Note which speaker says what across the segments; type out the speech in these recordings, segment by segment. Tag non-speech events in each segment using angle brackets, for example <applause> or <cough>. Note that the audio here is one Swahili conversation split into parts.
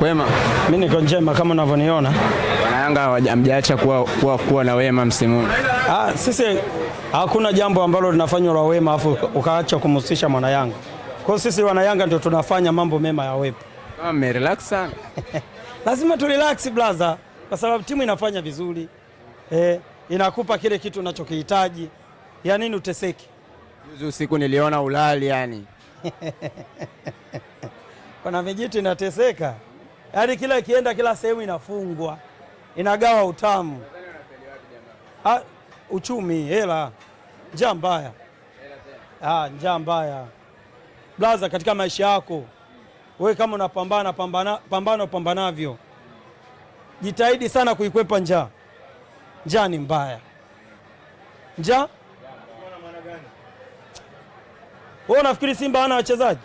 Speaker 1: Wema,
Speaker 2: mimi niko njema kama unavyoniona.
Speaker 1: Wanayanga hamjaacha kuwa, kuwa, kuwa na wema msimu huu.
Speaker 2: Ah, sisi hakuna jambo ambalo linafanywa la wema afu ukaacha kumhusisha mwanayanga. Kwa hiyo sisi wanayanga ndio tunafanya mambo mema ya wepo.
Speaker 1: Ah, relax sana.
Speaker 2: <laughs> Lazima tu relax brother kwa sababu timu inafanya vizuri eh, inakupa kile kitu unachokihitaji. Ya nini uteseke?
Speaker 1: Juzi usiku niliona ulali yani.
Speaker 2: <laughs> Kuna vijiti inateseka yaani kila ikienda kila sehemu inafungwa, inagawa utamu. Ha, uchumi, hela, njaa mbaya, njaa mbaya blaza, katika maisha yako wewe kama unapambana pambana, pambano pambanavyo, jitahidi sana kuikwepa njaa. Njaa ni mbaya, njaa wewe unafikiri Simba hana wachezaji?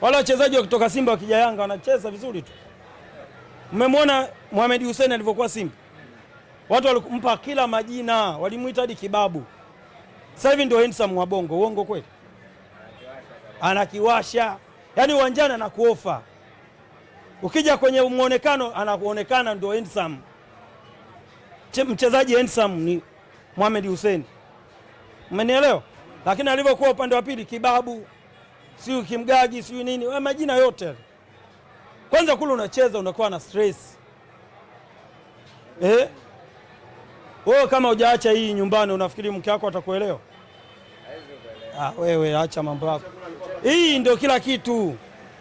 Speaker 2: Wale wachezaji wakitoka Simba wakija Yanga wanacheza vizuri tu. Mmemwona Mohamed Hussein alivyokuwa Simba, watu walimpa kila majina, walimwita hadi kibabu. Sasa hivi ndio handsome wa Bongo. Uongo kweli? Anakiwasha, yaani uwanjani anakuofa, ukija kwenye mwonekano anakuonekana ndio handsome. Mchezaji handsome ni Mohamed Hussein, umenielewa? Lakini alivyokuwa upande wa pili, kibabu, siu kimgagi, siu nini, eh, majina yote kwanza kule unacheza unakuwa na stress eh? Wewe kama hujaacha hii nyumbani, unafikiri mke wako atakuelewa? Ah, wewe acha mambo yako. Hii ndio kila kitu.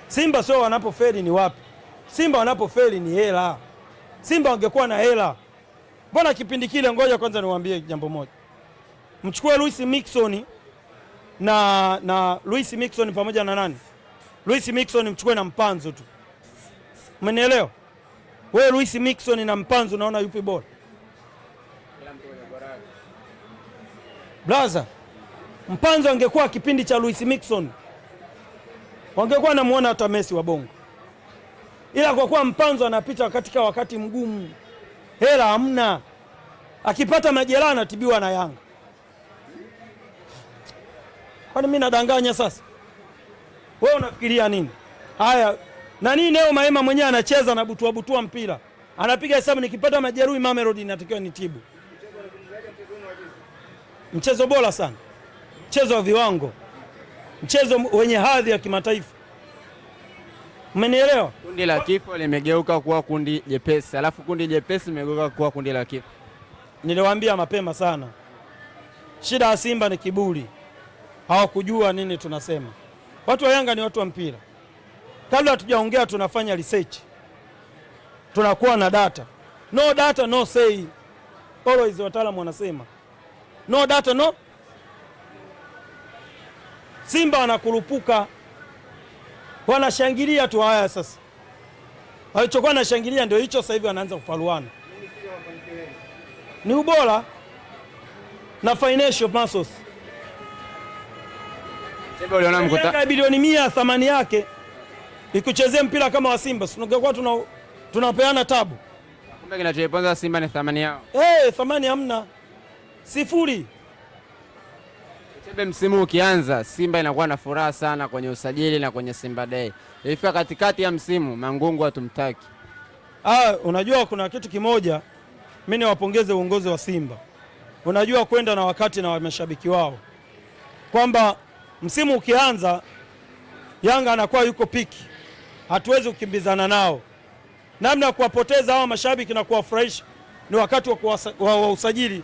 Speaker 2: Simba sio wanapofeli ni wapi? Simba wanapofeli ni hela. Simba wangekuwa na hela, mbona kipindi kile? Ngoja kwanza niwaambie jambo moja, mchukue Luis Mixon na na Luis Mixon pamoja na nani? Luis Mixon mchukue na mpanzo tu Umenielewa? Wewe Luis Mixon na Mpanzu unaona yupi bora? Blaza, mpanzo angekuwa kipindi cha Luis Mixon wangekuwa namuona hata Messi wa Bongo, ila kwa kuwa mpanzo anapita katika wakati mgumu, hela hamna, akipata majeraha anatibiwa na Yanga. Kwani mimi nadanganya sasa? Wewe unafikiria nini? Haya na nini leo Maema mwenyewe anacheza na butua butua mpira anapiga hesabu, nikipata majeruhi Mamelodi natakiwa nitibu. Mchezo bora sana, mchezo wa viwango, mchezo wenye hadhi ya kimataifa. Mmenielewa?
Speaker 1: Kundi la kifo limegeuka kuwa kundi jepesi, alafu kundi jepesi limegeuka kuwa kundi la kifo.
Speaker 2: Niliwaambia mapema sana, shida ya Simba ni kiburi, hawakujua nini tunasema. Watu wa Yanga ni watu wa mpira kabla hatujaongea tunafanya research, tunakuwa na data. No data no say, always wataalamu wanasema no data no. Simba wanakurupuka, wanashangilia tu. Haya sasa, walichokuwa wanashangilia ndio hicho, sasa hivi wanaanza kuparuana. Ni ubora na financial muscles bilioni mia thamani yake ikuchezee mpira kama wa Simba tungekuwa tuna, tunapeana tabu.
Speaker 1: Kumbe kinachoiponza Simba ni thamani yao.
Speaker 2: Hey, eh, thamani hamna, sifuri.
Speaker 1: Chebe, msimu ukianza Simba inakuwa na furaha sana kwenye usajili na kwenye Simba Day. Ifika katikati ya msimu Mangungu hatumtaki.
Speaker 2: Ah, unajua kuna kitu kimoja mimi niwapongeze uongozi wa Simba, unajua kwenda na wakati na mashabiki wao, kwamba msimu ukianza Yanga anakuwa yuko piki hatuwezi kukimbizana nao. Namna ya kuwapoteza hawa mashabiki na kuwafurahisha ni wakati wa usajili.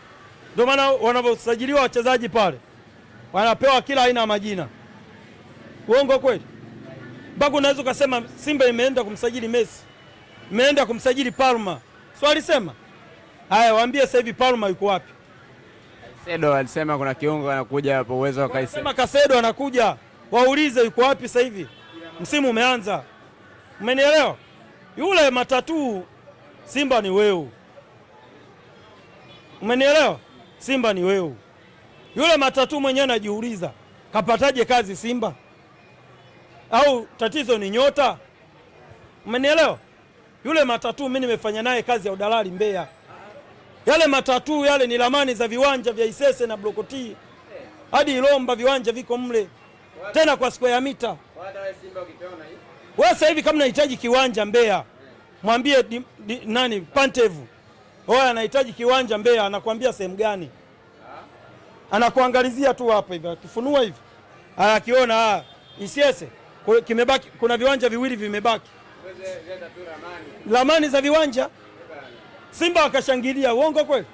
Speaker 2: Ndio maana wanavyosajiliwa wachezaji pale wanapewa kila aina ya majina. Uongo kweli? Mpaka unaweza ukasema Simba imeenda kumsajili Messi, imeenda kumsajili Palma, si alisema haya? Waambie sasa hivi Palma yuko wapi?
Speaker 1: kasedo alisema kuna kiungo anakuja hapo, uwezo wa
Speaker 2: Kaisedo. anakuja, waulize yuko wapi sasa hivi, msimu umeanza. Umenielewa? Yule matatu Simba ni weu Umenielewa? Simba ni weu Yule matatu mwenyewe anajiuliza kapataje kazi Simba? Au tatizo ni nyota? Umenielewa? Yule matatu mimi nimefanya naye kazi ya udalali Mbeya. Yale matatu yale ni ramani za viwanja vya Isese na Blokoti hadi Ilomba, viwanja viko mle tena kwa square ya mita. Wewe sasa hivi kama unahitaji kiwanja Mbeya, mwambie nani Pantevu, wewe anahitaji kiwanja Mbeya, anakuambia sehemu gani? Anakuangalizia tu hapa hivi, akifunua hivi anakiona, ah, Isiese kimebaki, kuna viwanja viwili vimebaki, lamani za viwanja Simba wakashangilia. Uongo kweli?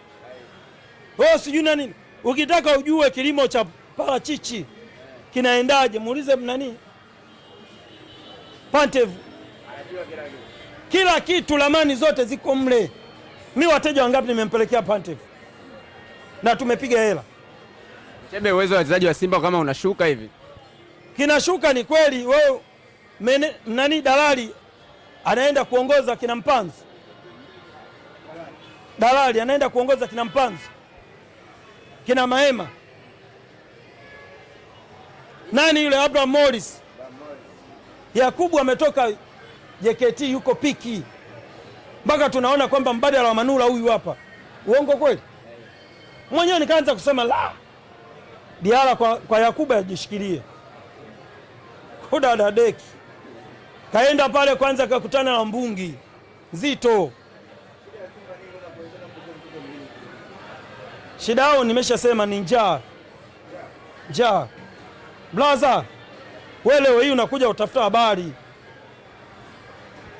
Speaker 2: Wewe sijui na nini. Ukitaka ujue kilimo cha parachichi kinaendaje, muulize nani Pantevu, kila kitu, lamani zote ziko mle. Mi wateja wangapi nimempelekea Pantevu na tumepiga hela.
Speaker 1: Chebe, uwezo wa wachezaji wa Simba kama unashuka hivi
Speaker 2: kinashuka, ni kweli wewe nani dalali anaenda kuongoza kina mpanzi dalali anaenda kuongoza kina mpanzi kina Maema, nani yule Abraham Morris Yakubu ametoka JKT yuko piki, mpaka tunaona kwamba mbadala wa Manula huyu hapa. Uongo kweli? Mwenyewe nikaanza kusema la Diara kwa, kwa Yakubu ajishikilie kudadadeki. Kaenda pale kwanza, kakutana na mbungi nzito shida yao nimeshasema ni njaa njaa, blaza we leo hii unakuja utafuta habari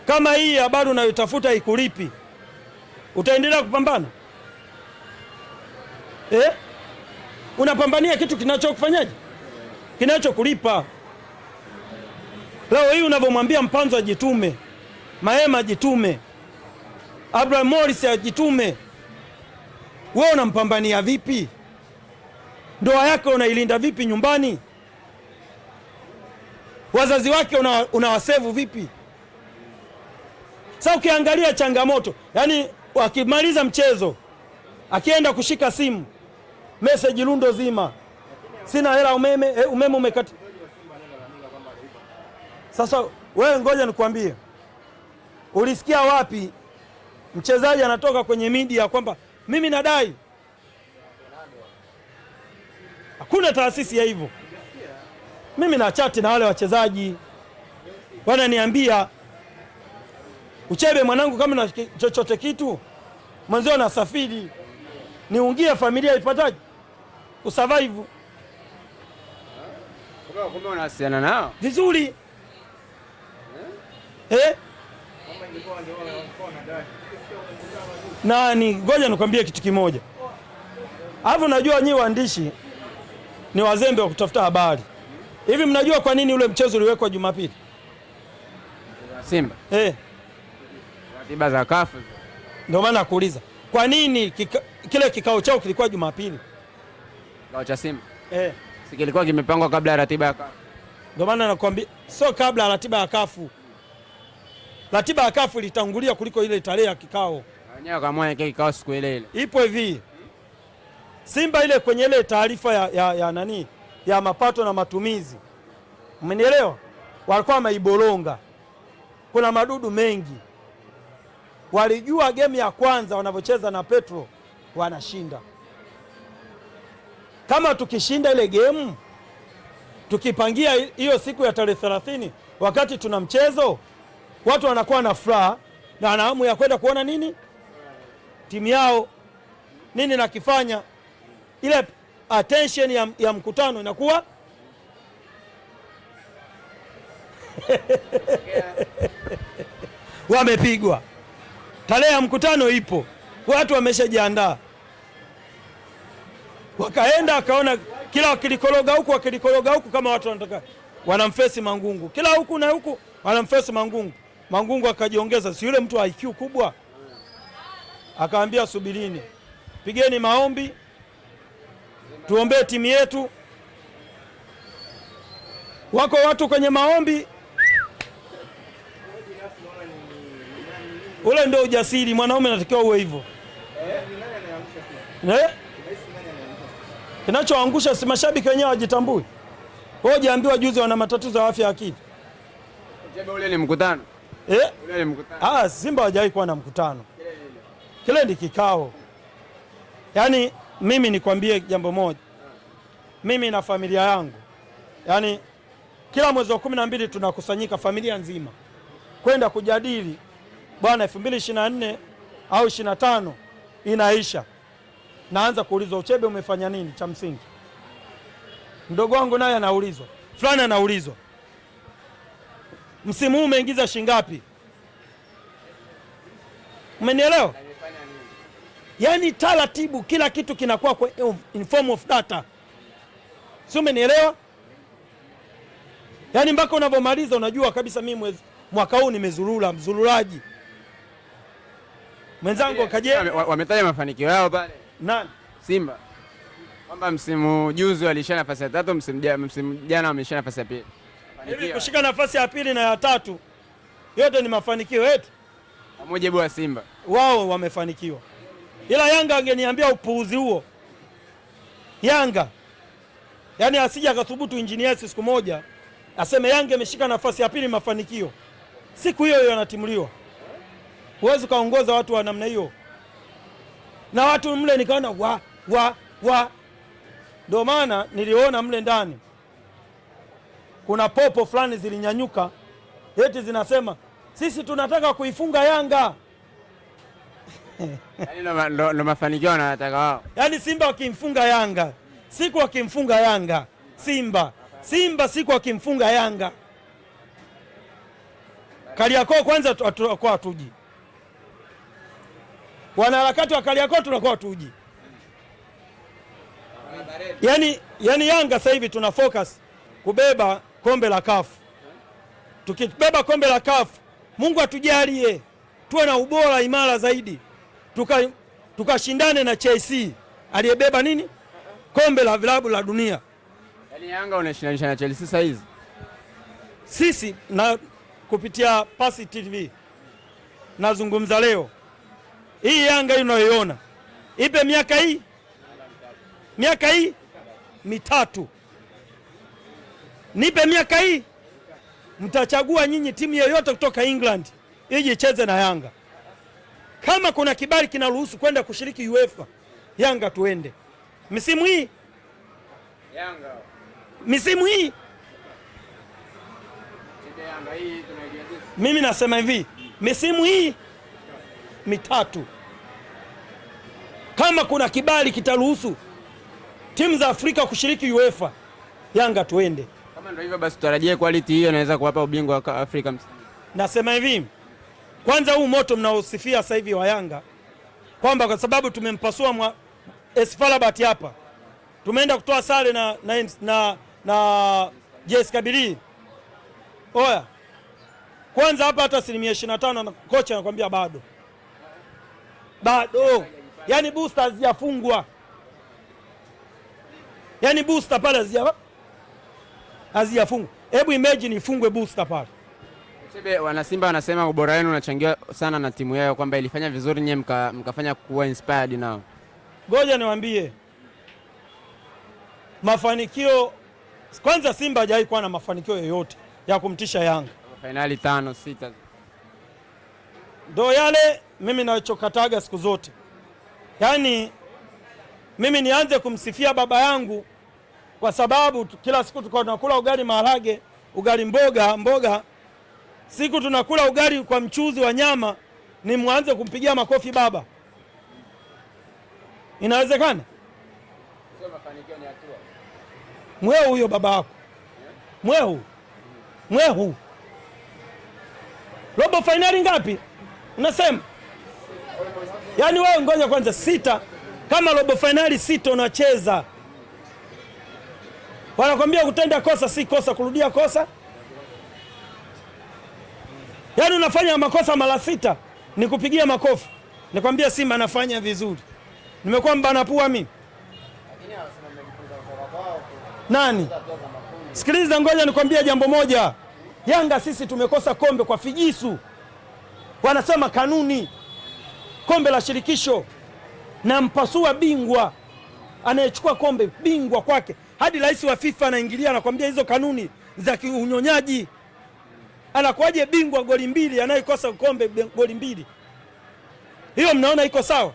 Speaker 2: kama hii habari unayotafuta ikulipi, utaendelea kupambana eh? Unapambania kitu kinachokufanyaje, kinachokulipa. Leo hii unavyomwambia Mpanzo ajitume, Mahema ajitume, Abraham Morris ajitume, wewe unampambania vipi? Ndoa yake unailinda vipi nyumbani? wazazi wake unawasevu una vipi? Sasa ukiangalia changamoto, yani akimaliza mchezo akienda kushika simu, meseji lundo zima, sina hela umeme, eh, umeme umekata. Sasa wewe ngoja nikwambie, ulisikia wapi mchezaji anatoka kwenye media kwamba mimi nadai? Hakuna taasisi ya hivyo mimi na chati na wale wachezaji wananiambia, Uchebe mwanangu, kama na chochote kitu mwenzio nasafiri niungie familia ipataje kusurvive vizuri eh? eh? Nani, ngoja nikwambie kitu kimoja, alafu najua nyi waandishi ni wazembe wa kutafuta habari. Hivi mnajua kwa nini ule mchezo uliwekwa Jumapili?
Speaker 1: Simba. Eh. Ratiba za CAF.
Speaker 2: Ndio maana nakuuliza. Kwa nini kika, kile kikao chao kilikuwa Jumapili?
Speaker 1: Kikao cha Simba. Eh. Si kilikuwa kimepangwa kabla ya ratiba ya CAF.
Speaker 2: Ndio maana nakwambia sio kabla ya ratiba ya CAF. Ratiba ya CAF ilitangulia kuliko ile tarehe ya kikao.
Speaker 1: Wenyewe kama ile kikao siku ile ile.
Speaker 2: Ipo hivi. Simba ile kwenye ile taarifa ya, ya, ya nani? ya mapato na matumizi, mmenielewa? Walikuwa wameiboronga, kuna madudu mengi. Walijua gemu ya kwanza wanavyocheza na Petro wanashinda. Kama tukishinda ile gemu, tukipangia hiyo siku ya tarehe thelathini, wakati tuna mchezo, watu wanakuwa na furaha na hamu ya kwenda kuona nini timu yao nini nakifanya ile attention ya, ya mkutano inakuwa <laughs> wamepigwa. Tarehe ya mkutano ipo, watu wameshajiandaa, wakaenda akaona kila wakilikoroga huku wakilikoroga huku, kama watu wanataka wanamfesi Mangungu kila huku na huku wanamfesi Mangungu. Mangungu akajiongeza, si yule mtu wa IQ kubwa, akaambia subirini, pigeni maombi tuombee timu yetu. Wako watu kwenye maombi, ule ndio ujasiri. Mwanaume anatakiwa uwe hivyo eh? Kinachoangusha si mashabiki wenyewe wajitambui. Wao jaambiwa juzi wana matatizo ya afya ya akili.
Speaker 1: Ule ni mkutano.
Speaker 2: Eh? Ule ni mkutano. Ah, Simba hawajawahi kuwa na mkutano. Kile ni kikao. Yaani mimi nikwambie jambo moja, mimi na familia yangu, yaani kila mwezi wa kumi na mbili tunakusanyika familia nzima kwenda kujadili bwana, elfu mbili ishirini na nne au ishirini na tano inaisha, naanza kuulizwa, Uchebe umefanya nini cha msingi? Mdogo wangu naye anaulizwa, fulani anaulizwa, msimu huu umeingiza shingapi? Umenielewa? Yaani taratibu kila kitu kinakuwa kwa in form of data, si umenielewa? Yaani mpaka unavyomaliza unajua kabisa mimi mwaka huu nimezurura, mzururaji mwenzangu. Wakaje
Speaker 1: wametaja mafanikio yao pale, nani Simba kwamba msimu juzi walishia nafasi ya tatu, msimu jana wameshia nafasi ya pili.
Speaker 2: Hivi kushika nafasi ya pili na ya tatu yote ni mafanikio yetu
Speaker 1: kwa mujibu wa Simba,
Speaker 2: wao wamefanikiwa ila Yanga angeniambia upuuzi huo, Yanga yaani asija akathubutu injinia siku moja aseme Yanga imeshika nafasi ya pili mafanikio, siku hiyo hiyo anatimuliwa. Huwezi ukaongoza watu wa namna hiyo, na watu mle nikaona wa wa wa, ndio maana niliona mle ndani kuna popo fulani zilinyanyuka eti zinasema sisi tunataka kuifunga Yanga.
Speaker 1: Yaani ndo mafanikio wanataka wao.
Speaker 2: Yaani Simba wakimfunga Yanga siku wakimfunga Yanga Simba Simba siku wakimfunga Yanga Kariakoo kwanza tunakuwa hatuji, wanaharakati wa Kariakoo tunakuwa hatuji. Yaani yani Yanga sasa hivi tuna focus kubeba kombe la kafu. Tukibeba kombe la kafu, Mungu atujalie tuwe na ubora imara zaidi tukashindane tuka na Chelsea aliyebeba nini kombe la vilabu la dunia.
Speaker 1: Yaani Yanga unashinanisha na Chelsea sasa hizi?
Speaker 2: Sisi na kupitia Pasi TV nazungumza leo hii Yanga hii unayoiona ipe miaka hii miaka hii mitatu, nipe miaka hii, mtachagua nyinyi timu yoyote kutoka England ije icheze na Yanga. Kama kuna kibali kinaruhusu kwenda kushiriki UEFA, Yanga tuende misimu hii, Yanga misimu hii. Mimi nasema hivi, misimu hii mitatu, kama kuna kibali kitaruhusu timu za Afrika kushiriki UEFA, Yanga tuende.
Speaker 1: Kama ndio hivyo basi, tutarajie quality hiyo inaweza kuwapa ubingwa wa Afrika msimu.
Speaker 2: Nasema hivi kwanza huu moto mnaosifia sasa hivi wa Yanga kwamba kwa sababu tumempasua Esfalabat hapa tumeenda kutoa sare na, na, na, na JS kabilii Oya, kwanza hapa hata asilimia 25 na kocha anakuambia bado bado, yaani booster hazijafungwa, yaani booster pale hazijafungwa. Hebu imagine ifungwe booster pale
Speaker 1: Chebe, wanasimba wanasema ubora wenu unachangiwa sana na timu yao kwamba ilifanya vizuri nyewe mka, mkafanya kuwa inspired nao.
Speaker 2: Ngoja niwaambie mafanikio kwanza, Simba hajawahi kuwa na mafanikio yoyote ya kumtisha Yanga
Speaker 1: fainali tano sita,
Speaker 2: ndo yale mimi nachokataga siku zote. Yaani mimi nianze kumsifia baba yangu kwa sababu kila siku tulikuwa tunakula ugali maharage, ugali mboga mboga siku tunakula ugali kwa mchuzi wa nyama, ni mwanze kumpigia makofi baba. Inawezekana? Mwehu huyo baba yako, mwehu mwehu. Robo fainali ngapi unasema? Yaani wewe ngoja kwanza, sita kama robo fainali sita unacheza, wanakwambia kutenda kosa si kosa, kurudia kosa Yaani unafanya makosa mara sita nikupigia makofi. Nikwambia Simba anafanya vizuri. Nimekuwa mbanapua mimi. Nani? Sikiliza, ngoja nikwambia jambo moja. Yanga sisi tumekosa kombe kwa figisu. Wanasema kanuni, kombe la shirikisho na mpasua bingwa, anayechukua kombe bingwa kwake. Hadi rais wa FIFA anaingilia, anakwambia hizo kanuni za kiunyonyaji anakuwaje bingwa goli mbili anayekosa kombe goli mbili? Hiyo mnaona iko sawa?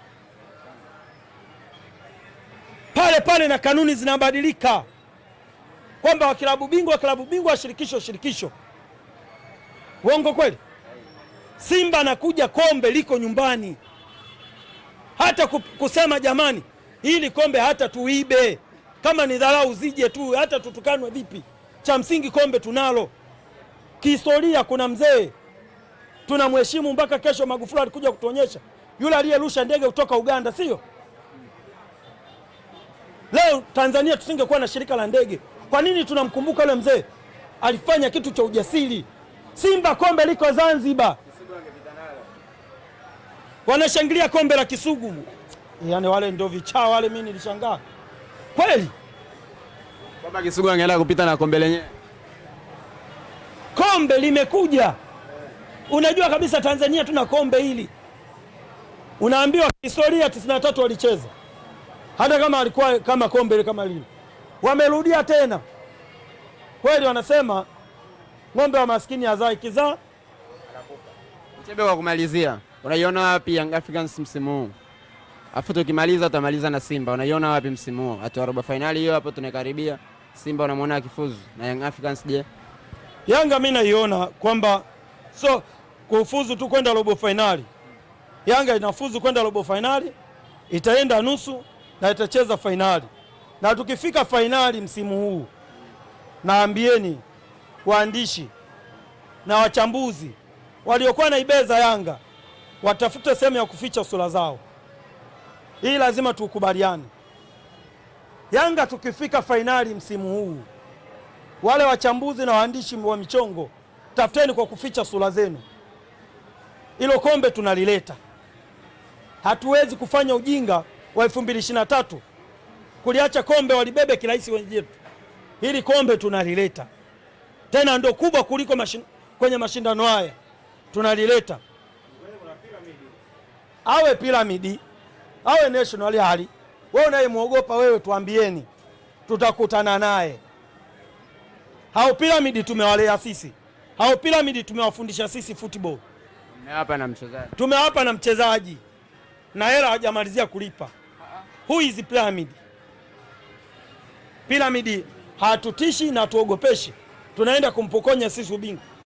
Speaker 2: Pale pale na kanuni zinabadilika kwamba klabu bingwa klabu bingwa, shirikisho shirikisho. Uongo kweli? Simba anakuja kombe liko nyumbani, hata kusema jamani, hili kombe hata tuibe, kama ni dharau zije tu, hata tutukanwe vipi, cha msingi kombe tunalo. Kihistoria kuna mzee tunamheshimu mpaka kesho. Magufuli alikuja kutuonyesha yule aliyerusha ndege kutoka Uganda, sio? Leo Tanzania tusingekuwa na shirika la ndege. Kwa nini tunamkumbuka yule mzee? Alifanya kitu cha ujasiri. Simba kombe liko Zanzibar, wanashangilia kombe la Kisugu. Yani wale ndio vichaa wale, mimi nilishangaa kweli
Speaker 1: kwamba Kisugu angeenda kupita na kombe lenyewe
Speaker 2: kombe limekuja. Unajua kabisa Tanzania tuna kombe hili, unaambiwa historia 93 walicheza, hata kama alikuwa kama kombe kama lile, wamerudia tena. Kweli wanasema ng'ombe wa maskini hazai kizaa.
Speaker 1: Mchebe wa kumalizia, unaiona wapi Young Africans msimu huu? Afu tukimaliza utamaliza na Simba, unaiona wapi msimu huu? Hatua robo fainali hiyo hapo tunakaribia, Simba unamwona akifuzu na Young Africans je?
Speaker 2: Yanga mi naiona kwamba so kufuzu tu kwenda robo fainali. Yanga inafuzu kwenda robo fainali, itaenda nusu na itacheza fainali, na tukifika fainali msimu huu, naambieni waandishi na wachambuzi waliokuwa na ibeza Yanga watafute sehemu ya kuficha sura zao. Hii lazima tukubaliane, Yanga tukifika fainali msimu huu wale wachambuzi na waandishi wa michongo, tafuteni kwa kuficha sura zenu. Hilo kombe tunalileta, hatuwezi kufanya ujinga wa 2023 kuliacha kombe walibebe kirahisi wenzetu. Hili kombe tunalileta tena, ndo kubwa kuliko mashin, kwenye mashindano haya tunalileta, awe piramidi awe national hali. Wewe unayemwogopa wewe, tuambieni, tutakutana naye. Hao piramidi tumewalea sisi, hao piramidi tumewafundisha sisi football,
Speaker 1: tumewapa na mchezaji, tumewapa na mchezaji
Speaker 2: na hela hajamalizia kulipa. Who is pyramid? Piramidi hatutishi na tuogopeshi, tunaenda kumpokonya sisi ubingwa.